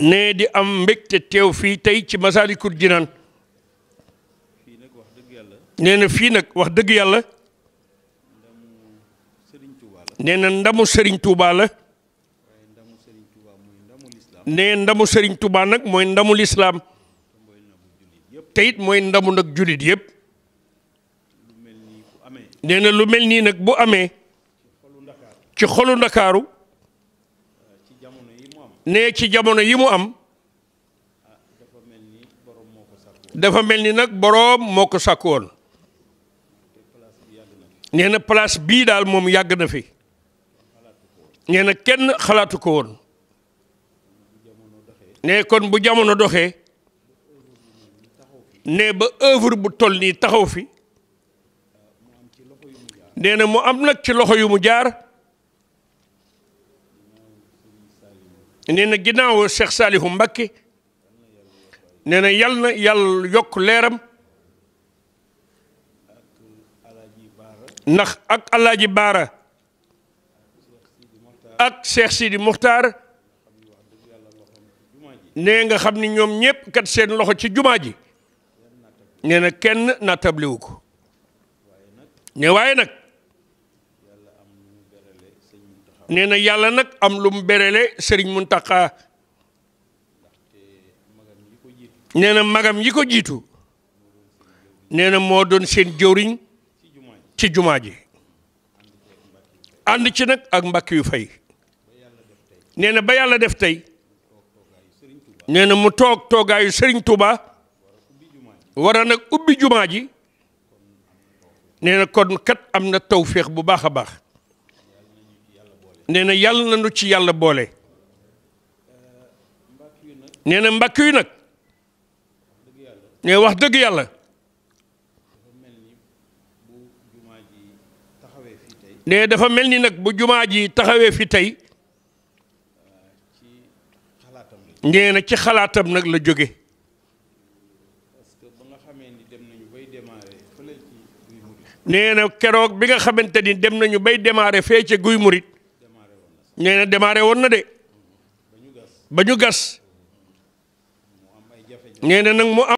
ne di am mbégte teew fii tey ci Masaalikul Jinaan nee na fii nag wax dëgg yàlla nee na ndamu sëriñ Touba la nee ndamu sëriñ Touba nag mooy ndamu lislaam te it mooy ndamu nag jullit yëpp nee lu mel nii nag bu amee ci xolu Ndakaaru ne ci jamono yi mu am dafa mel ni nag boroom moo ko sàkku woon nee na place bii daal moom yàgg na fi nee na kenn xalaatu ko woon ne kon bu jamono doxee ne ba œuvre bu toll nii taxaw fi nee na mu am nag ci loxo yu mu jaar nee na ginnaaw Cheikh Saalihu Mbakke nee na yal yàlla yokk leeram ndax ak alaaji baara ak Cheikh Sidi Muxtaar nee nga xam ni ñoom ñëpp kat seen loxo ci jumaa ji nee kenn naatabliwu ko ne waaye nag nee na yàlla nag am lu mu berele Serigne Mountakha nee na magam yi ko jiitu nee na moo doon seen jëwriñ ci jumaa ji ànd ci nag ak mbàkk yu fay nee na ba yàlla def tey nee na mu toog toogaayu sëriñ Touba war a nag ubbi jumaa ji nee na kon kat am na tawféex bu baax a baax. nee na yàlla nañu ci yàlla boole nee na mbàkk yu nag ne wax dëgg yàlla ne dafa mel ni nag bu jumaa ji taxawee fi tey nee na ci xalaatam nag la jóge nee na keroog bi nga xamante ni dem nañu bay démarrer fee ca guy murit nee na démarré woon na de ba ñu gas nee na nag mu am